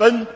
Pan